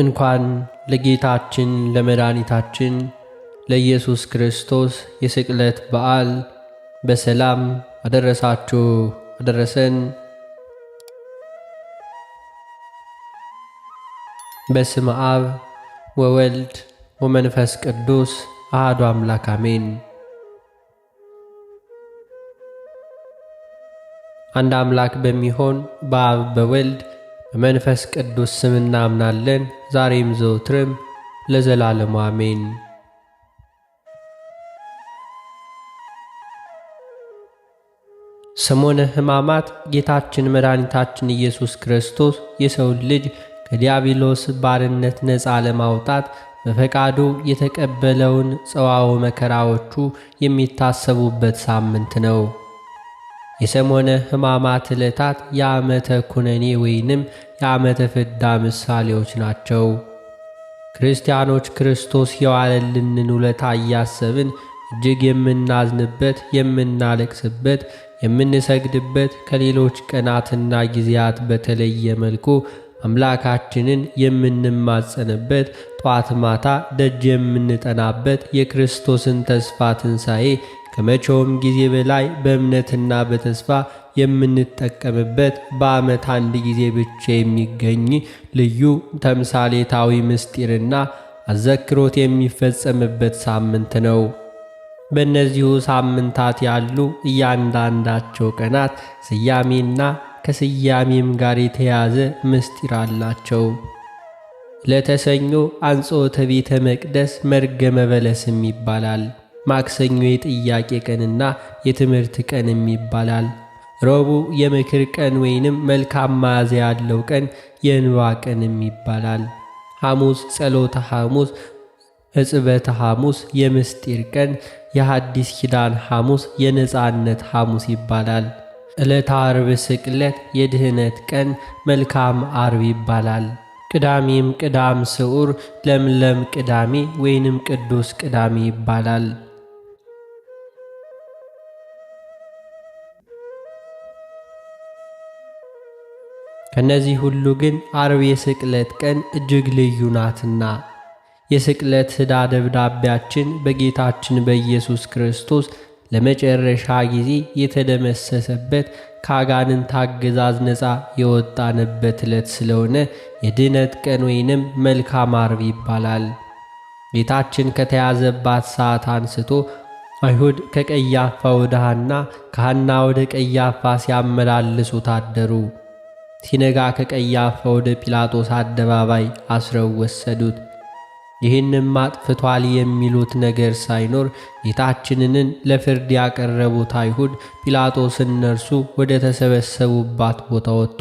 እንኳን ለጌታችን ለመድኃኒታችን ለኢየሱስ ክርስቶስ የስቅለት በዓል በሰላም አደረሳችሁ አደረሰን። በስመ አብ ወወልድ ወመንፈስ ቅዱስ አሐዱ አምላክ አሜን። አንድ አምላክ በሚሆን በአብ በወልድ በመንፈስ ቅዱስ ስም እናምናለን፣ ዛሬም ዘውትርም ለዘላለሙ አሜን። ሰሞነ ሕማማት ጌታችን መድኃኒታችን ኢየሱስ ክርስቶስ የሰውን ልጅ ከዲያብሎስ ባርነት ነፃ ለማውጣት በፈቃዱ የተቀበለውን ጽዋው መከራዎቹ የሚታሰቡበት ሳምንት ነው። የሰሞነ ሕማማት ዕለታት የዓመተ ኩነኔ ወይንም የዓመተ ፍዳ ምሳሌዎች ናቸው። ክርስቲያኖች ክርስቶስ የዋለልንን ውለታ እያሰብን እጅግ የምናዝንበት፣ የምናለቅስበት፣ የምንሰግድበት ከሌሎች ቀናትና ጊዜያት በተለየ መልኩ አምላካችንን የምንማጸንበት ጧት ማታ ደጅ የምንጠናበት የክርስቶስን ተስፋ ትንሣኤ ከመቼውም ጊዜ በላይ በእምነትና በተስፋ የምንጠቀምበት በዓመት አንድ ጊዜ ብቻ የሚገኝ ልዩ ተምሳሌታዊ ምስጢርና አዘክሮት የሚፈጸምበት ሳምንት ነው። በእነዚሁ ሳምንታት ያሉ እያንዳንዳቸው ቀናት ስያሜና ከስያሜም ጋር የተያዘ ምስጢር አላቸው። ለተሰኞ አንጾተ ቤተ መቅደስ መርገመ በለስም ይባላል። ማክሰኞ የጥያቄ ቀንና የትምህርት ቀንም ይባላል። ረቡዕ የምክር ቀን ወይንም መልካም መዓዛ ያለው ቀን የእንባ ቀንም ይባላል። ሐሙስ ጸሎተ ሐሙስ፣ እጽበተ ሐሙስ የምስጢር ቀን፣ የሐዲስ ኪዳን ሐሙስ፣ የነፃነት ሐሙስ ይባላል። ዕለተ አርብ ስቅለት የድህነት ቀን መልካም አርብ ይባላል። ቅዳሜም ቅዳም ስዑር፣ ለምለም ቅዳሜ ወይንም ቅዱስ ቅዳሜ ይባላል። ከነዚህ ሁሉ ግን አርብ የስቅለት ቀን እጅግ ልዩ ናትና የስቅለት ህዳ ደብዳቤያችን በጌታችን በኢየሱስ ክርስቶስ ለመጨረሻ ጊዜ የተደመሰሰበት ከአጋንንት አገዛዝ ነፃ የወጣንበት ዕለት ስለሆነ የድነት ቀን ወይንም መልካም አርብ ይባላል። ጌታችን ከተያዘባት ሰዓት አንስቶ አይሁድ ከቀያፋ ወደ ሐና ከሐና ወደ ቀያፋ ሲያመላልሱ ታደሩ። ሲነጋ ከቀያፋ ወደ ጲላጦስ አደባባይ አስረው ወሰዱት። ይህንም አጥፍቷል የሚሉት ነገር ሳይኖር ጌታችንንን ለፍርድ ያቀረቡት አይሁድ ጲላጦስ እነርሱ ወደ ተሰበሰቡባት ቦታ ወጥቶ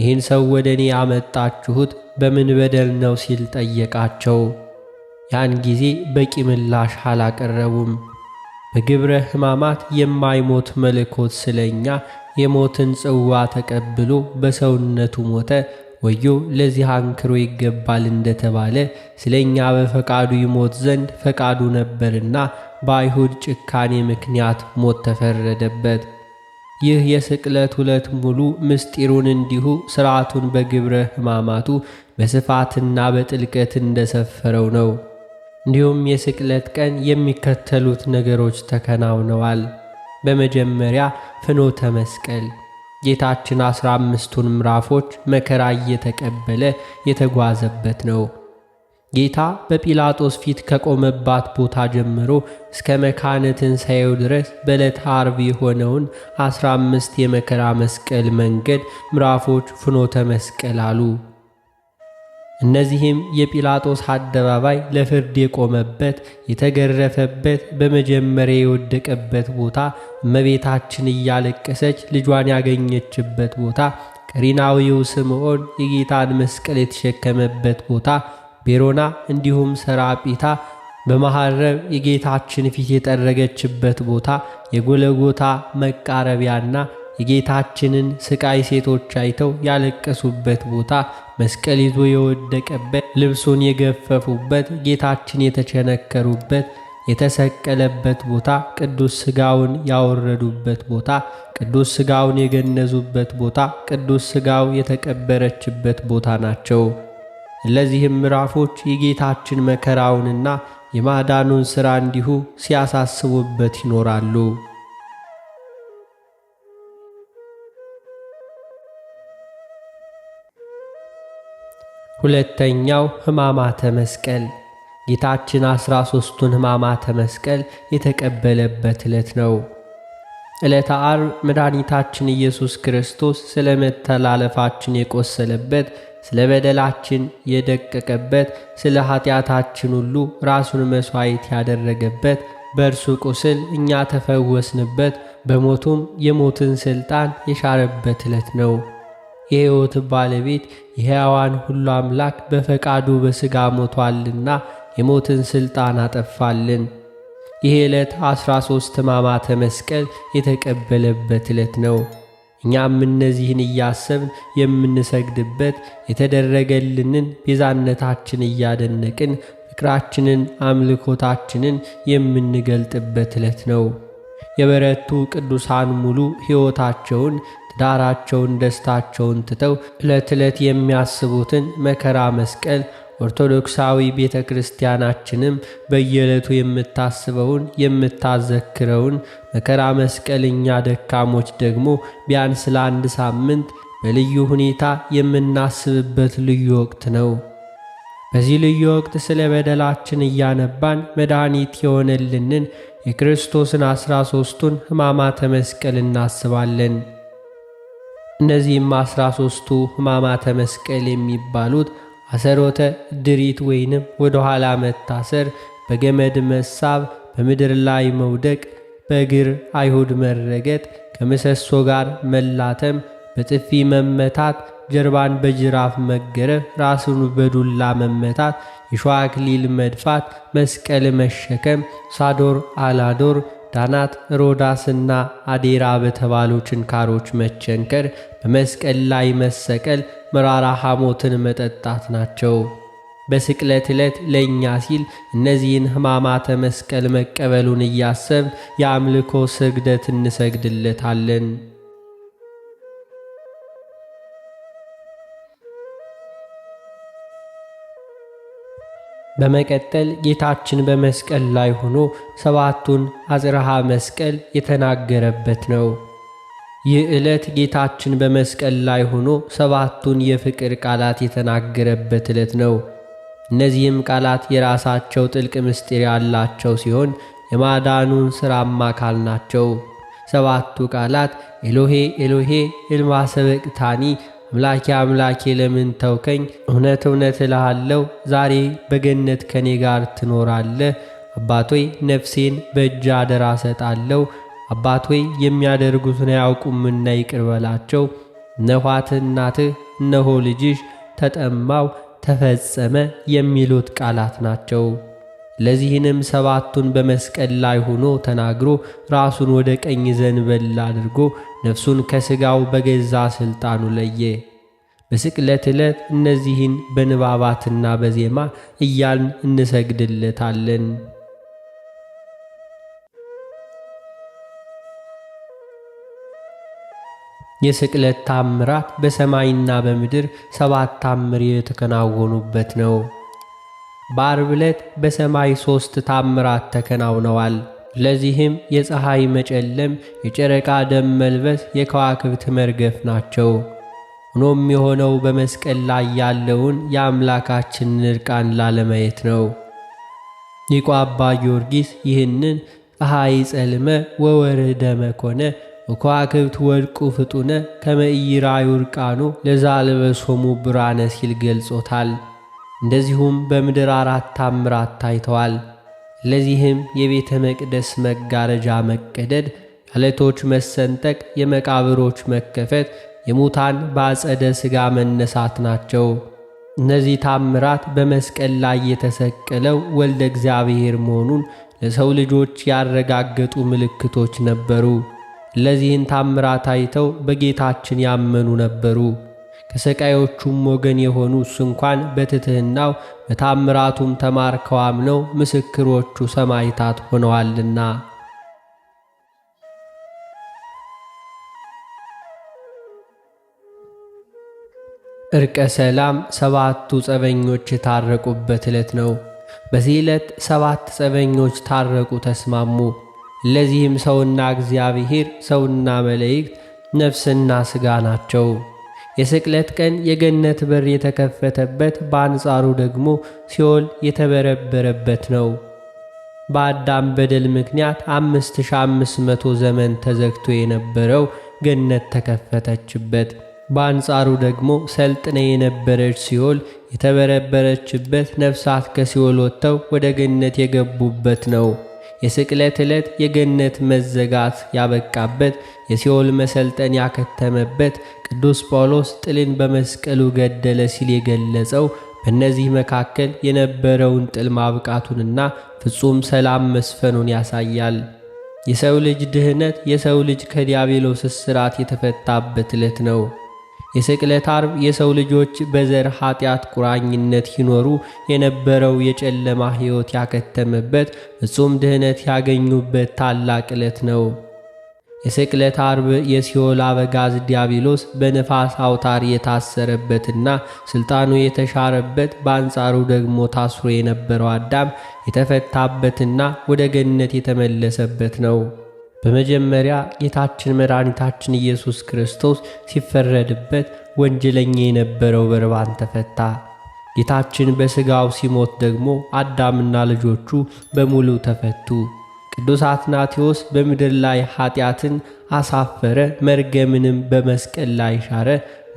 ይህን ሰው ወደ እኔ ያመጣችሁት በምን በደል ነው ሲል ጠየቃቸው። ያን ጊዜ በቂ ምላሽ አላቀረቡም። በግብረ ሕማማት የማይሞት መለኮት ስለኛ የሞትን ጽዋ ተቀብሎ በሰውነቱ ሞተ። ወዮ ለዚህ አንክሮ ይገባል እንደተባለ ስለ እኛ በፈቃዱ ይሞት ዘንድ ፈቃዱ ነበርና በአይሁድ ጭካኔ ምክንያት ሞት ተፈረደበት። ይህ የስቅለት ሁለት ሙሉ ምስጢሩን እንዲሁ ሥርዓቱን በግብረ ሕማማቱ በስፋትና በጥልቀት እንደሰፈረው ነው። እንዲሁም የስቅለት ቀን የሚከተሉት ነገሮች ተከናውነዋል። በመጀመሪያ ፍኖተ መስቀል ጌታችን አስራ አምስቱን ምዕራፎች መከራ እየተቀበለ የተጓዘበት ነው። ጌታ በጲላጦስ ፊት ከቆመባት ቦታ ጀምሮ እስከ መካነ ትንሣኤው ድረስ በዕለተ ዓርብ የሆነውን አስራ አምስት የመከራ መስቀል መንገድ ምዕራፎች ፍኖተ መስቀል አሉ። እነዚህም የጲላጦስ አደባባይ ለፍርድ የቆመበት የተገረፈበት፣ በመጀመሪያ የወደቀበት ቦታ፣ እመቤታችን እያለቀሰች ልጇን ያገኘችበት ቦታ፣ ቅሪናዊው ስምዖን የጌታን መስቀል የተሸከመበት ቦታ፣ ቤሮና እንዲሁም ሰራጲታ በማሐረብ የጌታችን ፊት የጠረገችበት ቦታ፣ የጎለጎታ መቃረቢያና የጌታችንን ስቃይ ሴቶች አይተው ያለቀሱበት ቦታ መስቀል ይዞ የወደቀበት ልብሱን የገፈፉበት ጌታችን የተቸነከሩበት የተሰቀለበት ቦታ ቅዱስ ሥጋውን ያወረዱበት ቦታ ቅዱስ ሥጋውን የገነዙበት ቦታ ቅዱስ ሥጋው የተቀበረችበት ቦታ ናቸው። እነዚህም ምዕራፎች የጌታችን መከራውንና የማዳኑን ሥራ እንዲሁ ሲያሳስቡበት ይኖራሉ። ሁለተኛው ሕማማተ መስቀል ጌታችን አስራ ሦስቱን ሕማማተ መስቀል የተቀበለበት ዕለት ነው። ዕለተ ዓርብ መድኃኒታችን ኢየሱስ ክርስቶስ ስለ መተላለፋችን የቆሰለበት፣ ስለ በደላችን የደቀቀበት፣ ስለ ኀጢአታችን ሁሉ ራሱን መሥዋዕት ያደረገበት በእርሱ ቁስል እኛ ተፈወስንበት፣ በሞቱም የሞትን ሥልጣን የሻረበት ዕለት ነው። የሕይወት ባለቤት የሕያዋን ሁሉ አምላክ በፈቃዱ በሥጋ ሞቷልና የሞትን ሥልጣን አጠፋልን። ይህ ዕለት ዐሥራ ሦስት ሕማማተ መስቀል የተቀበለበት ዕለት ነው። እኛም እነዚህን እያሰብን የምንሰግድበት የተደረገልንን ቤዛነታችን እያደነቅን ፍቅራችንን፣ አምልኮታችንን የምንገልጥበት ዕለት ነው። የበረቱ ቅዱሳን ሙሉ ሕይወታቸውን ዳራቸውን ደስታቸውን ትተው ዕለት ዕለት የሚያስቡትን መከራ መስቀል ኦርቶዶክሳዊ ቤተ ክርስቲያናችንም በየዕለቱ የምታስበውን የምታዘክረውን መከራ መስቀል እኛ ደካሞች ደግሞ ቢያንስ ለአንድ ሳምንት በልዩ ሁኔታ የምናስብበት ልዩ ወቅት ነው። በዚህ ልዩ ወቅት ስለ በደላችን እያነባን መድኃኒት የሆነልንን የክርስቶስን አስራ ሦስቱን ሕማማተ መስቀል እናስባለን። እነዚህም አስራ ሶስቱ ሕማማተ መስቀል የሚባሉት አሰሮተ ድሪት ወይንም ወደ ኋላ መታሰር፣ በገመድ መሳብ፣ በምድር ላይ መውደቅ፣ በእግር አይሁድ መረገጥ፣ ከምሰሶ ጋር መላተም፣ በጥፊ መመታት፣ ጀርባን በጅራፍ መገረፍ፣ ራስን በዱላ መመታት፣ የሸዋ አክሊል መድፋት፣ መስቀል መሸከም፣ ሳዶር አላዶር ዳናት ሮዳስና አዴራ በተባሉ ችንካሮች መቸንከር፣ በመስቀል ላይ መሰቀል፣ መራራ ሐሞትን መጠጣት ናቸው። በስቅለት ዕለት ለእኛ ሲል እነዚህን ሕማማተ መስቀል መቀበሉን እያሰብ የአምልኮ ስግደት እንሰግድለታለን። በመቀጠል ጌታችን በመስቀል ላይ ሆኖ ሰባቱን አጽርሃ መስቀል የተናገረበት ነው። ይህ ዕለት ጌታችን በመስቀል ላይ ሆኖ ሰባቱን የፍቅር ቃላት የተናገረበት ዕለት ነው። እነዚህም ቃላት የራሳቸው ጥልቅ ምስጢር ያላቸው ሲሆን የማዳኑን ሥራም አካል ናቸው። ሰባቱ ቃላት ኤሎሄ ኤሎሄ ኤልማ ሰበቅታኒ አምላኬ አምላኬ ለምን ተውከኝ? እውነት እውነት እልሃለሁ ዛሬ በገነት ከኔ ጋር ትኖራለህ። አባቶይ ነፍሴን በእጅ አደራ ሰጣለሁ። አባቶይ የሚያደርጉትን አያውቁምና ይቅር በላቸው። ነኋት እናትህ እነሆ ልጅሽ ተጠማው ተፈጸመ የሚሉት ቃላት ናቸው። ለዚህንም ሰባቱን በመስቀል ላይ ሆኖ ተናግሮ ራሱን ወደ ቀኝ ዘንበል አድርጎ ነፍሱን ከሥጋው በገዛ ሥልጣኑ ለየ። በስቅለት ዕለት እነዚህን በንባባትና በዜማ እያልን እንሰግድለታለን። የስቅለት ታምራት በሰማይና በምድር ሰባት ታምር የተከናወኑበት ነው። በአርብ ዕለት በሰማይ ሦስት ታምራት ተከናውነዋል። ለዚህም የፀሐይ መጨለም፣ የጨረቃ ደም መልበስ፣ የከዋክብት መርገፍ ናቸው። ሆኖም የሆነው በመስቀል ላይ ያለውን የአምላካችንን ዕርቃን ላለማየት ነው። ሊቁ አባ ጊዮርጊስ ይህንን ፀሐይ ጸልመ ወወርኅ ደመኮነ ከዋክብት ወድቁ ፍጡነ ከመኢይራዩ ዩርቃኑ ለዛለበሶሙ ብርሃነ ሲል ገልጾታል። እንደዚሁም በምድር አራት ታምራት ታይተዋል። ለዚህም የቤተ መቅደስ መጋረጃ መቀደድ፣ የአለቶች መሰንጠቅ፣ የመቃብሮች መከፈት፣ የሙታን በአጸደ ሥጋ መነሳት ናቸው። እነዚህ ታምራት በመስቀል ላይ የተሰቀለው ወልደ እግዚአብሔር መሆኑን ለሰው ልጆች ያረጋገጡ ምልክቶች ነበሩ። እነዚህን ታምራት አይተው በጌታችን ያመኑ ነበሩ። ከሰቃዮቹም ወገን እሱ እንኳን በትትህናው በታምራቱም ተማርከው አምነው ምስክሮቹ ሰማይታት ሆነዋልና። እርቀ ሰላም ሰባቱ ጸበኞች የታረቁበት ዕለት ነው። በዚህ ዕለት ሰባት ጸበኞች ታረቁ፣ ተስማሙ። ለዚህም ሰውና እግዚአብሔር፣ ሰውና መላእክት፣ ነፍስና ሥጋ ናቸው። የስቅለት ቀን የገነት በር የተከፈተበት በአንጻሩ ደግሞ ሲኦል የተበረበረበት ነው። በአዳም በደል ምክንያት 5500 ዘመን ተዘግቶ የነበረው ገነት ተከፈተችበት። በአንጻሩ ደግሞ ሰልጥነ የነበረች ሲኦል የተበረበረችበት፣ ነፍሳት ከሲኦል ወጥተው ወደ ገነት የገቡበት ነው። የስቅለት ዕለት የገነት መዘጋት ያበቃበት የሲኦል መሰልጠን ያከተመበት ቅዱስ ጳውሎስ ጥልን በመስቀሉ ገደለ ሲል የገለጸው በእነዚህ መካከል የነበረውን ጥል ማብቃቱንና ፍጹም ሰላም መስፈኑን ያሳያል። የሰው ልጅ ድህነት፣ የሰው ልጅ ከዲያብሎስ እስራት የተፈታበት ዕለት ነው። የስቅለት አርብ የሰው ልጆች በዘር ኃጢአት ቁራኝነት ሲኖሩ የነበረው የጨለማ ሕይወት ያከተመበት ፍጹም ድኅነት ያገኙበት ታላቅ ዕለት ነው። የስቅለት አርብ የሲኦል አበጋዝ ዲያብሎስ በነፋስ አውታር የታሰረበትና ስልጣኑ የተሻረበት በአንጻሩ ደግሞ ታስሮ የነበረው አዳም የተፈታበትና ወደ ገነት የተመለሰበት ነው። በመጀመሪያ ጌታችን መድኃኒታችን ኢየሱስ ክርስቶስ ሲፈረድበት ወንጀለኛ የነበረው በርባን ተፈታ። ጌታችን በሥጋው ሲሞት ደግሞ አዳምና ልጆቹ በሙሉ ተፈቱ። ቅዱስ አትናቴዎስ በምድር ላይ ኀጢአትን አሳፈረ፣ መርገምንም በመስቀል ላይ ሻረ፣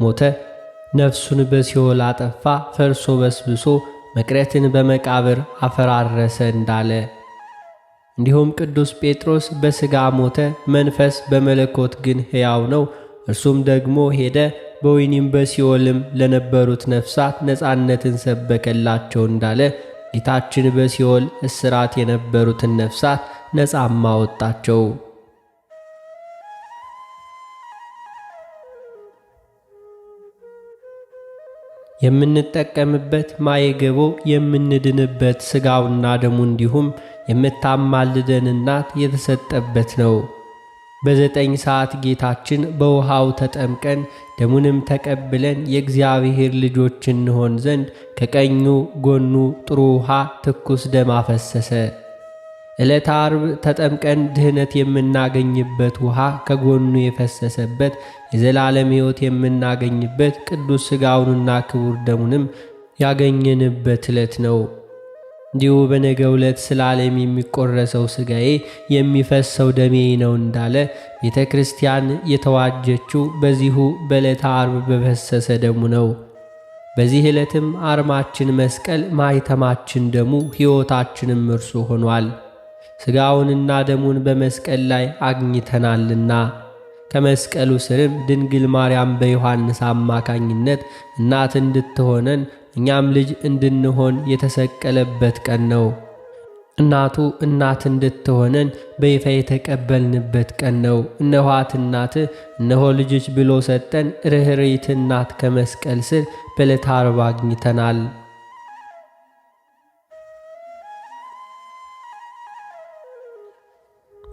ሞተ፣ ነፍሱን በሲኦል አጠፋ፣ ፈርሶ በስብሶ መቅረትን በመቃብር አፈራረሰ እንዳለ እንዲሁም ቅዱስ ጴጥሮስ በሥጋ ሞተ፣ መንፈስ በመለኮት ግን ሕያው ነው። እርሱም ደግሞ ሄደ፣ በወይኒም በሲኦልም ለነበሩት ነፍሳት ነፃነትን ሰበከላቸው እንዳለ ጌታችን በሲኦል እስራት የነበሩትን ነፍሳት ነፃማ ወጣቸው የምንጠቀምበት ማየገቦ የምንድንበት ሥጋውና ደሙ እንዲሁም የምታማልደን እናት የተሰጠበት ነው። በዘጠኝ ሰዓት ጌታችን በውሃው ተጠምቀን ደሙንም ተቀብለን የእግዚአብሔር ልጆች እንሆን ዘንድ ከቀኙ ጎኑ ጥሩ ውሃ ትኩስ ደም አፈሰሰ። ዕለተ አርብ ተጠምቀን ድኅነት የምናገኝበት ውሃ ከጎኑ የፈሰሰበት የዘላለም ሕይወት የምናገኝበት ቅዱስ ሥጋውንና ክቡር ደሙንም ያገኘንበት ዕለት ነው። እንዲሁ በነገ ዕለት ስለ ዓለም የሚቆረሰው ሥጋዬ የሚፈሰው ደሜ ነው እንዳለ ቤተ ክርስቲያን የተዋጀችው በዚሁ በዕለተ አርብ በፈሰሰ ደሙ ነው። በዚህ ዕለትም አርማችን መስቀል፣ ማይተማችን ደሙ፣ ሕይወታችንም እርሱ ሆኗል። ሥጋውንና ደሙን በመስቀል ላይ አግኝተናልና ከመስቀሉ ስርም ድንግል ማርያም በዮሐንስ አማካኝነት እናት እንድትሆነን እኛም ልጅ እንድንሆን የተሰቀለበት ቀን ነው። እናቱ እናት እንድትሆነን በይፋ የተቀበልንበት ቀን ነው። እነኋት እናት እነሆ ልጆች ብሎ ሰጠን። ርኅሪት እናት ከመስቀል ስር በዕለተ ዓርብ አግኝተናል።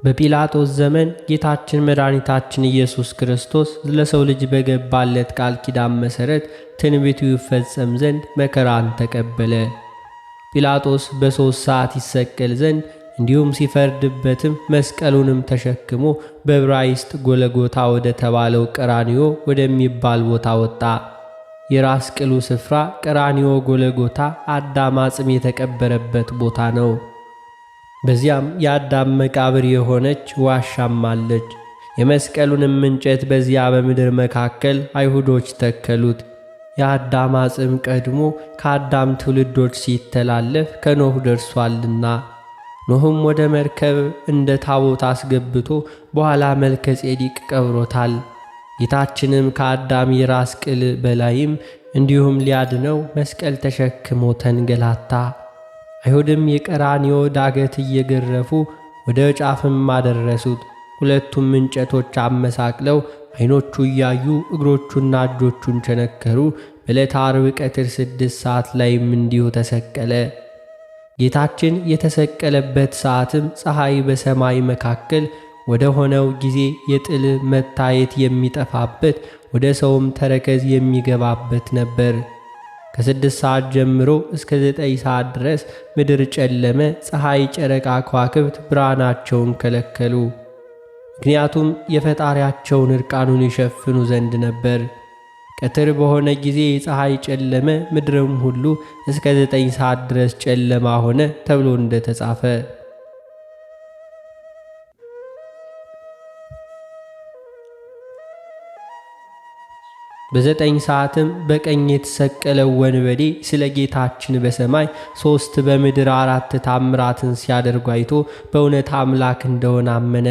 በጲላጦስ ዘመን ጌታችን መድኃኒታችን ኢየሱስ ክርስቶስ ለሰው ልጅ በገባለት ቃል ኪዳን መሠረት ትንቢቱ ይፈጸም ዘንድ መከራን ተቀበለ። ጲላጦስ በሦስት ሰዓት ይሰቀል ዘንድ እንዲሁም ሲፈርድበትም መስቀሉንም ተሸክሞ በዕብራይስጥ ጎለጎታ ወደ ተባለው ቀራኒዮ ወደሚባል ቦታ ወጣ። የራስ ቅሉ ስፍራ ቀራኒዮ ጎለጎታ አዳም አጽም የተቀበረበት ቦታ ነው። በዚያም የአዳም መቃብር የሆነች ዋሻም አለች። የመስቀሉንም እንጨት በዚያ በምድር መካከል አይሁዶች ተከሉት። የአዳም አጽም ቀድሞ ከአዳም ትውልዶች ሲተላለፍ ከኖህ ደርሷልና ኖህም ወደ መርከብ እንደ ታቦት አስገብቶ በኋላ መልከ ጼዴቅ ቀብሮታል። ጌታችንም ከአዳም የራስ ቅል በላይም እንዲሁም ሊያድነው መስቀል ተሸክሞ ተንገላታ። አይሁድም የቀራን ዳገት እየገረፉ ወደ ጫፍም አደረሱት። ሁለቱም እንጨቶች አመሳቅለው ዐይኖቹ እያዩ እግሮቹና እጆቹን ቸነከሩ። በዕለተ ዓርብ ቀትር ስድስት ሰዓት ላይም እንዲሁ ተሰቀለ። ጌታችን የተሰቀለበት ሰዓትም ፀሐይ በሰማይ መካከል ወደ ሆነው ጊዜ የጥል መታየት የሚጠፋበት ወደ ሰውም ተረከዝ የሚገባበት ነበር። ከስድስት ሰዓት ጀምሮ እስከ ዘጠኝ ሰዓት ድረስ ምድር ጨለመ። ፀሐይ፣ ጨረቃ፣ ከዋክብት ብርሃናቸውን ከለከሉ። ምክንያቱም የፈጣሪያቸውን እርቃኑን ይሸፍኑ ዘንድ ነበር። ቀትር በሆነ ጊዜ ፀሐይ ጨለመ፣ ምድርም ሁሉ እስከ ዘጠኝ ሰዓት ድረስ ጨለማ ሆነ ተብሎ እንደተጻፈ በዘጠኝ ሰዓትም በቀኝ የተሰቀለው ወንበዴ ስለ ጌታችን በሰማይ ሦስት በምድር አራት ታምራትን ሲያደርጉ አይቶ በእውነት አምላክ እንደሆነ አመነ።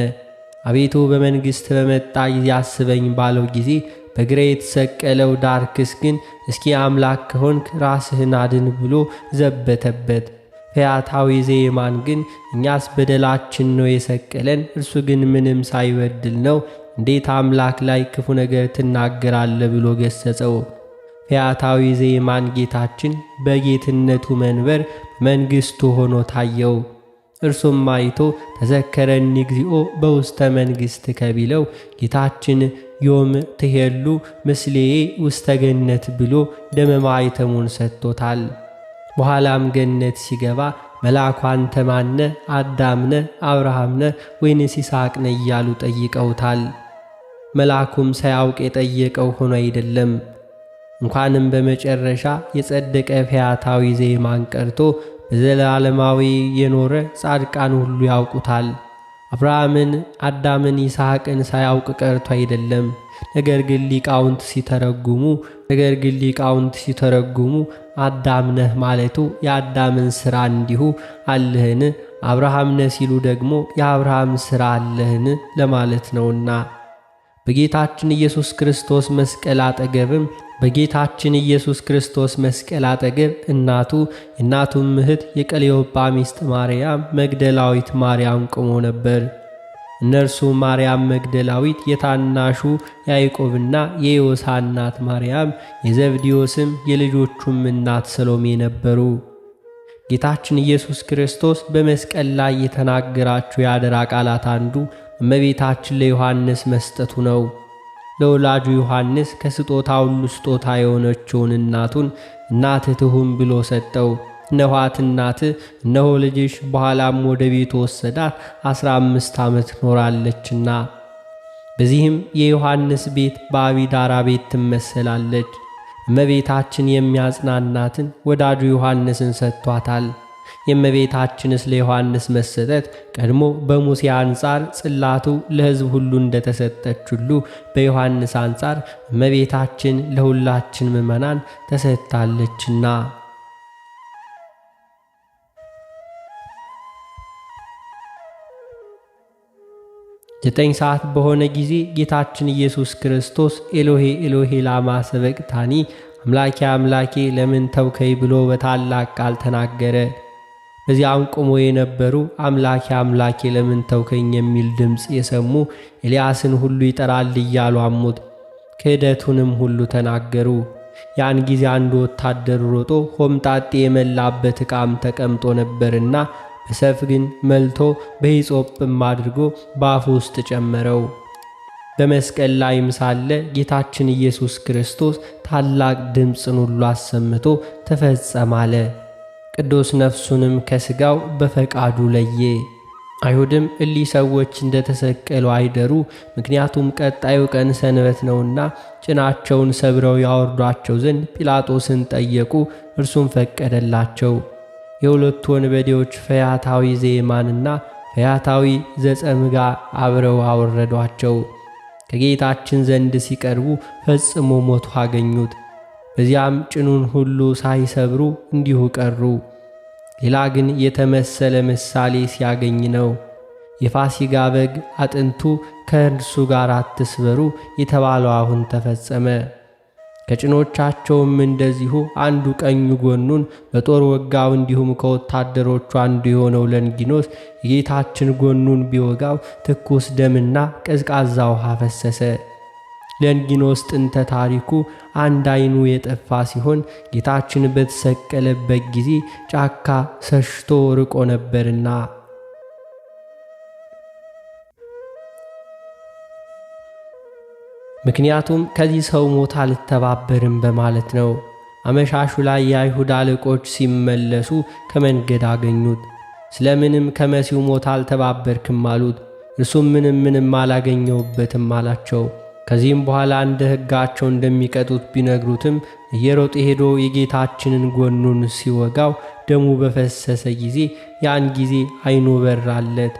አቤቱ በመንግሥት በመጣ ጊዜ አስበኝ ባለው ጊዜ በግራ የተሰቀለው ዳርክስ ግን እስኪ አምላክ ከሆንክ ራስህን አድን ብሎ ዘበተበት። ፈያታዊ ዘየማን ግን እኛስ በደላችን ነው የሰቀለን፣ እርሱ ግን ምንም ሳይበድል ነው እንዴት አምላክ ላይ ክፉ ነገር ትናገራለህ ብሎ ገሰጸው። ፈያታዊ ዘየማን ጌታችን በጌትነቱ መንበር መንግሥቱ ሆኖ ታየው። እርሱም አይቶ ተዘከረኒ እግዚኦ በውስተ መንግሥት ከቢለው ጌታችን ዮም ትሄሉ ምስሌዬ ውስተ ገነት ብሎ ደመማይተሙን ሰጥቶታል። በኋላም ገነት ሲገባ መልአኩ አንተ ማነ? አዳምነ? አብርሃምነ? ወይንስ ይስሐቅነ? እያሉ ጠይቀውታል። መልአኩም ሳያውቅ የጠየቀው ሆኖ አይደለም። እንኳንም በመጨረሻ የጸደቀ ፈያታዊ ዜማን ቀርቶ በዘላለማዊ የኖረ ጻድቃን ሁሉ ያውቁታል። አብርሃምን፣ አዳምን፣ ይስሐቅን ሳያውቅ ቀርቶ አይደለም። ነገር ግን ሊቃውንት ሲተረጉሙ ነገር ግን ሊቃውንት ሲተረጉሙ አዳም ነህ ማለቱ የአዳምን ሥራ እንዲሁ አለህን፣ አብርሃም ነህ ሲሉ ደግሞ የአብርሃም ሥራ አለህን ለማለት ነውና በጌታችን ኢየሱስ ክርስቶስ መስቀል አጠገብም በጌታችን ኢየሱስ ክርስቶስ መስቀል አጠገብ እናቱ የእናቱም እህት የቀሌዮጳ ሚስት ማርያም መግደላዊት ማርያም ቆሞ ነበር። እነርሱ ማርያም መግደላዊት፣ የታናሹ ያዕቆብና የዮሳ እናት ማርያም፣ የዘብዲዮስም የልጆቹም እናት ሰሎሜ ነበሩ። ጌታችን ኢየሱስ ክርስቶስ በመስቀል ላይ የተናገራቸው የአደራ ቃላት አንዱ እመቤታችን ለዮሐንስ መስጠቱ ነው። ለወላጁ ዮሐንስ ከስጦታ ሁሉ ስጦታ የሆነችውን እናቱን እናትህ ትሁን ብሎ ሰጠው። ነኋት እናት እነሆ ልጅሽ። በኋላም ወደ ቤቱ ወሰዳት፣ አስራ አምስት ዓመት ኖራለችና። በዚህም የዮሐንስ ቤት በአቢዳራ ቤት ትመሰላለች። እመቤታችን የሚያጽናናትን ወዳጁ ዮሐንስን ሰጥቷታል። የእመቤታችን ስለ ዮሐንስ መሰጠት ቀድሞ በሙሴ አንጻር ጽላቱ ለሕዝብ ሁሉ እንደተሰጠች ሁሉ በዮሐንስ አንጻር እመቤታችን ለሁላችን ምዕመናን ተሰጥታለችና። ዘጠኝ ሰዓት በሆነ ጊዜ ጌታችን ኢየሱስ ክርስቶስ ኤሎሄ ኤሎሄ ላማ ሰበቅታኒ አምላኬ አምላኬ ለምን ተውከይ ብሎ በታላቅ ቃል ተናገረ። በዚያም ቆሞ የነበሩ አምላኬ አምላኬ ለምን ተውከኝ የሚል ድምፅ የሰሙ ኤልያስን ሁሉ ይጠራል እያሉ አሙት፣ ክህደቱንም ሁሉ ተናገሩ። ያን ጊዜ አንድ ወታደር ሮጦ ሆምጣጤ የመላበት ዕቃም ተቀምጦ ነበርና በሰፍግን መልቶ በሂጾጵም አድርጎ በአፉ ውስጥ ጨመረው። በመስቀል ላይም ሳለ ጌታችን ኢየሱስ ክርስቶስ ታላቅ ድምፅን ሁሉ አሰምቶ ተፈጸማለ። አለ። ቅዱስ ነፍሱንም ከሥጋው በፈቃዱ ለየ። አይሁድም እሊ ሰዎች ተሰቀሉ አይደሩ፣ ምክንያቱም ቀጣዩ ቀን ሰንበት ነውና ጭናቸውን ሰብረው ያወርዷቸው ዘንድ ጲላጦስን ጠየቁ። እርሱም ፈቀደላቸው። የሁለቱ ወንበዴዎች ፈያታዊ ዜማንና ፈያታዊ ዘጸምጋ አብረው አወረዷቸው። ከጌታችን ዘንድ ሲቀርቡ ፈጽሞ ሞቶ አገኙት። በዚያም ጭኑን ሁሉ ሳይሰብሩ እንዲሁ ቀሩ። ሌላ ግን የተመሰለ ምሳሌ ሲያገኝ ነው። የፋሲጋ በግ አጥንቱ ከእርሱ ጋር አትስበሩ የተባለው አሁን ተፈጸመ። ከጭኖቻቸውም እንደዚሁ አንዱ ቀኙ ጎኑን በጦር ወጋው። እንዲሁም ከወታደሮቹ አንዱ የሆነው ለንጊኖስ የጌታችን ጎኑን ቢወጋው ትኩስ ደምና ቀዝቃዛ ውሃ ፈሰሰ። ለንጊኖስ ጥንተ ታሪኩ አንድ አይኑ የጠፋ ሲሆን ጌታችን በተሰቀለበት ጊዜ ጫካ ሰሽቶ ርቆ ነበርና። ምክንያቱም ከዚህ ሰው ሞት አልተባበርም በማለት ነው። አመሻሹ ላይ የአይሁድ አለቆች ሲመለሱ ከመንገድ አገኙት። ስለምንም ከመሲው ሞት አልተባበርክም አሉት። እርሱም ምንም ምንም አላገኘውበትም አላቸው። ከዚህም በኋላ እንደ ሕጋቸው እንደሚቀጡት ቢነግሩትም እየሮጠ ሄዶ የጌታችንን ጎኑን ሲወጋው ደሙ በፈሰሰ ጊዜ ያን ጊዜ ዓይኑ በራለት።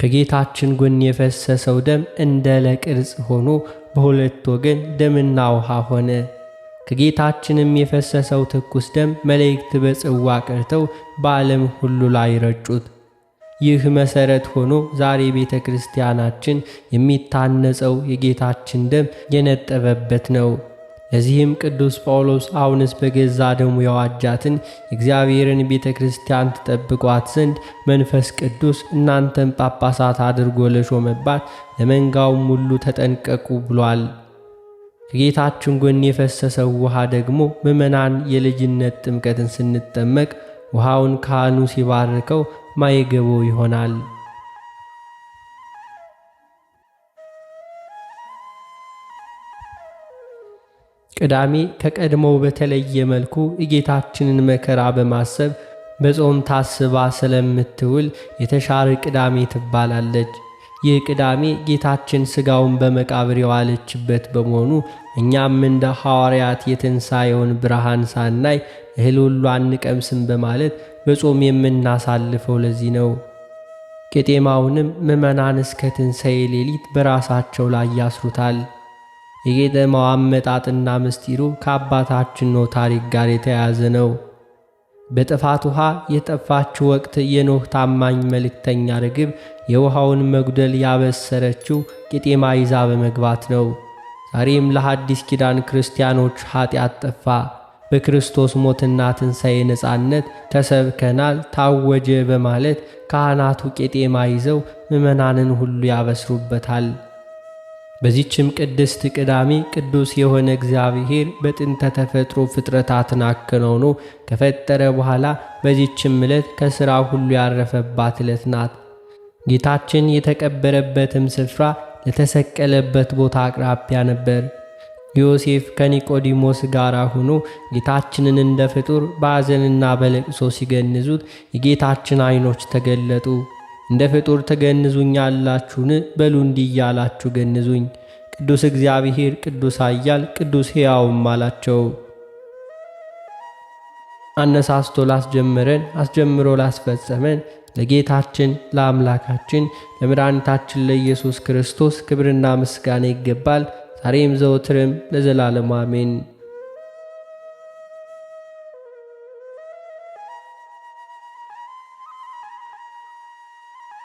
ከጌታችን ጎን የፈሰሰው ደም እንደ ለቅርጽ ሆኖ በሁለት ወገን ደምና ውሃ ሆነ። ከጌታችንም የፈሰሰው ትኩስ ደም መላእክት በጽዋ ቀድተው በዓለም ሁሉ ላይ ረጩት። ይህ መሰረት ሆኖ ዛሬ ቤተ ክርስቲያናችን የሚታነጸው የጌታችን ደም የነጠበበት ነው። ለዚህም ቅዱስ ጳውሎስ አሁንስ በገዛ ደሙ የዋጃትን እግዚአብሔርን ቤተ ክርስቲያን ትጠብቋት ዘንድ መንፈስ ቅዱስ እናንተን ጳጳሳት አድርጎ ለሾመባት ለመንጋውም ሁሉ ተጠንቀቁ ብሏል። ከጌታችን ጎን የፈሰሰው ውሃ ደግሞ ምዕመናን የልጅነት ጥምቀትን ስንጠመቅ ውሃውን ካህኑ ሲባርከው ማይገቦ ይሆናል። ቅዳሜ ከቀድሞው በተለየ መልኩ የጌታችንን መከራ በማሰብ በጾም ታስባ ስለምትውል የተሻረ ቅዳሜ ትባላለች። ይህ ቅዳሜ ጌታችን ሥጋውን በመቃብር የዋለችበት በመሆኑ እኛም እንደ ሐዋርያት የትንሣኤውን ብርሃን ሳናይ እህል ሁሉ አንቀምስም በማለት በጾም የምናሳልፈው ለዚህ ነው። ቄጤማውንም ምዕመናን እስከ ትንሣኤ ሌሊት በራሳቸው ላይ ያስሩታል። የቄጤማው አመጣጥና ምስጢሩ ከአባታችን ኖህ ታሪክ ጋር የተያያዘ ነው። በጥፋት ውኃ የጠፋችው ወቅት የኖህ ታማኝ መልእክተኛ ርግብ የውኃውን መጉደል ያበሰረችው ቄጤማ ይዛ በመግባት ነው። ዛሬም ለሐዲስ ኪዳን ክርስቲያኖች ኀጢአት ጠፋ። በክርስቶስ ሞትና ትንሣኤ ነፃነት ተሰብከናል ታወጀ በማለት ካህናቱ ቄጤማ ይዘው ምዕመናንን ሁሉ ያበስሩበታል። በዚችም ቅድስት ቅዳሜ ቅዱስ የሆነ እግዚአብሔር በጥንተ ተፈጥሮ ፍጥረታትን አከናውኖ ከፈጠረ በኋላ በዚችም ዕለት ከሥራ ሁሉ ያረፈባት ዕለት ናት። ጌታችን የተቀበረበትም ስፍራ ለተሰቀለበት ቦታ አቅራቢያ ነበር። ዮሴፍ ከኒቆዲሞስ ጋር ሆኖ ጌታችንን እንደ ፍጡር በሐዘንና በለቅሶ ሲገንዙት የጌታችን አይኖች ተገለጡ። እንደ ፍጡር ትገንዙኛላችሁን? በሉ እንዲህ እያላችሁ ገንዙኝ። ቅዱስ እግዚአብሔር ቅዱስ ኃያል ቅዱስ ሕያውም አላቸው። አነሳስቶ ላስጀምረን አስጀምሮ ላስፈጸመን ለጌታችን ለአምላካችን ለመድኃኒታችን ለኢየሱስ ክርስቶስ ክብርና ምስጋና ይገባል። ዛሬም ዘወትርም ለዘላለም አሜን።